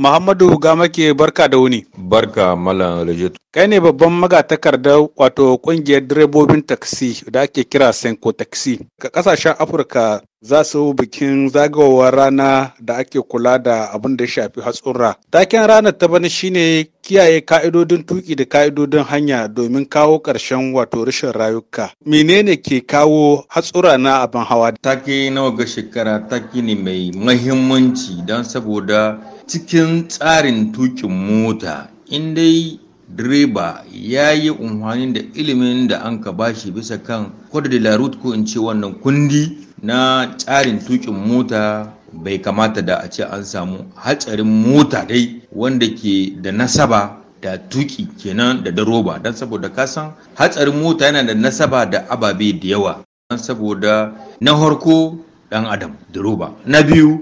Muhammadu Gamake barka da wuni. Barka Malam Rajatu. Kai ne babban magatakardar wato kungiyar direbobin taksi da ake kira Senko taksi. Ka kasashen Afirka za su bikin zagawowar rana da ake kula da abin da ya shafi hatsura. Taken ranar ta bana shine kiyaye ka'idodin tuki da ka'idodin hanya domin kawo ƙarshen wato rashin rayuka. Menene ke kawo hatsura na abin hawa? Take nawa ga shekara take ne mai muhimmanci don saboda cikin tsarin tukin mota in dai direba ya yi amfani da ilimin da an ka bashi bisa kan code de la route ko in ce wannan kundi na tsarin tukin mota bai kamata da a ce an samu hatsarin mota dai wanda ke da nasaba da tuki kenan da daroba don saboda kasan hatsarin mota yana da nasaba da ababe da yawa don saboda na harko dan adam daroba na biyu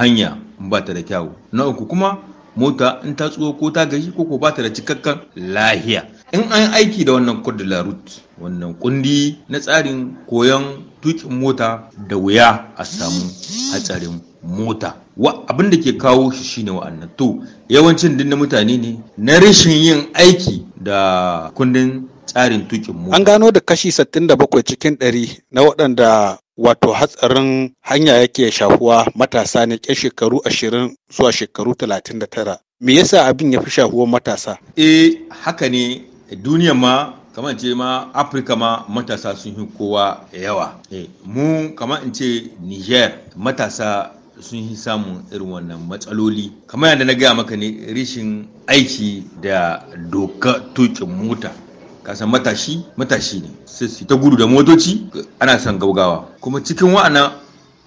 hanya ba ta da kyawu na uku kuma mota in ta tsuwo ko ta gashi ko ko ba ta da cikakken lahiya in an aiki da wannan code la route wannan kundi na tsarin koyon tukin mota da wuya a samu hatsarin mota wa abin da ke kawo shi shine wa'annan to yawancin dinna mutane ne na rashin yin aiki da kundin tsarin tukin mota an gano da kashi 67 cikin 100 na waɗanda wato hatsarin hanya yake shahuwa matasa ne ke shekaru ashirin zuwa shekaru talatin da tara me yasa abin ya fi shahuwar matasa eh haka ne duniya ma kamar ce ma afirka ma matasa sun yi kowa yawa eh, mu kamar in ce niger matasa sun yi samun irin wannan matsaloli kamar yadda na gaya maka ne rishin aiki da doka tukin mota kasan matashi matashi ne sai ta gudu da motoci ana son gaugawa kuma cikin wa'ana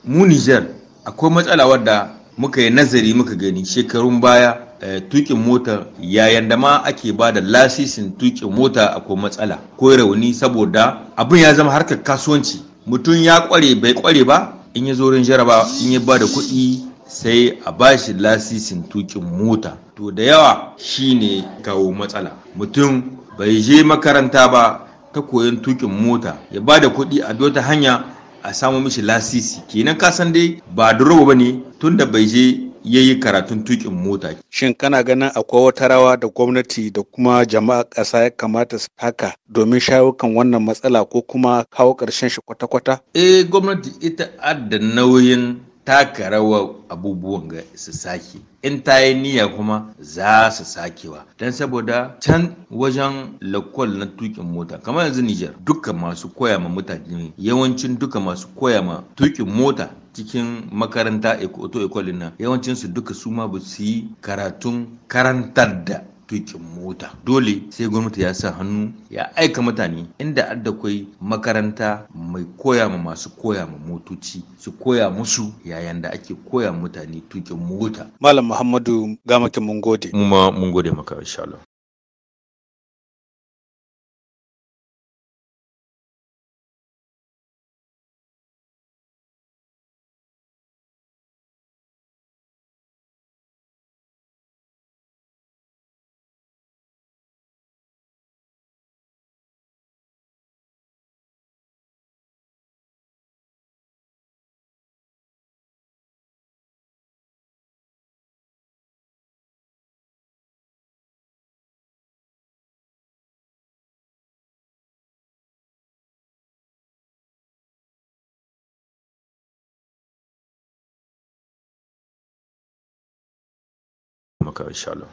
mu Niger akwai matsala wadda muka yi nazari muka gani shekarun baya eh, tukin mota yayin da ma ake ba da lasisin tukin mota akwai matsala ko rauni saboda abin ya zama harkar kasuwanci mutum ya kware bai kware ba in ya zo rin jaraba in ya ba da kuɗi sai a ba shi lasisin tukin mota to da yawa shine kawo matsala mutum bai je makaranta ba ta koyon tukin mota ya ba da kuɗi a dota hanya a samu mishi lasisi kenan ka san dai ba durowa ba ne tunda bai je ya yi karatun tukin mota. Shin kana ganin akwai wata rawa da gwamnati da kuma jama'a ƙasa ya kamata su haka domin shawo kan wannan matsala ko kuma kawo ƙarshen shi kwata-kwata? Eh gwamnati ita adda nauyin taka rawa abubuwan ga su sake in ta yi niyya kuma za su sakewa don saboda can wajen lakwal na tukin mota kamar yanzu Nijar duka masu koya ma mutane yawancin duka masu koya ma tukin mota cikin makaranta auto ekwalin nan yawancin su duka su ma ba su yi karatun karantar da tukin mota dole sai gwamnati ya sa hannu ya aika mutane inda ada kwai makaranta mai koya ma masu koya ma motoci su koya musu yayin da ake koya mutane tukin mota malam muhammadu gamakin mun gode mun maka insha Carvallo.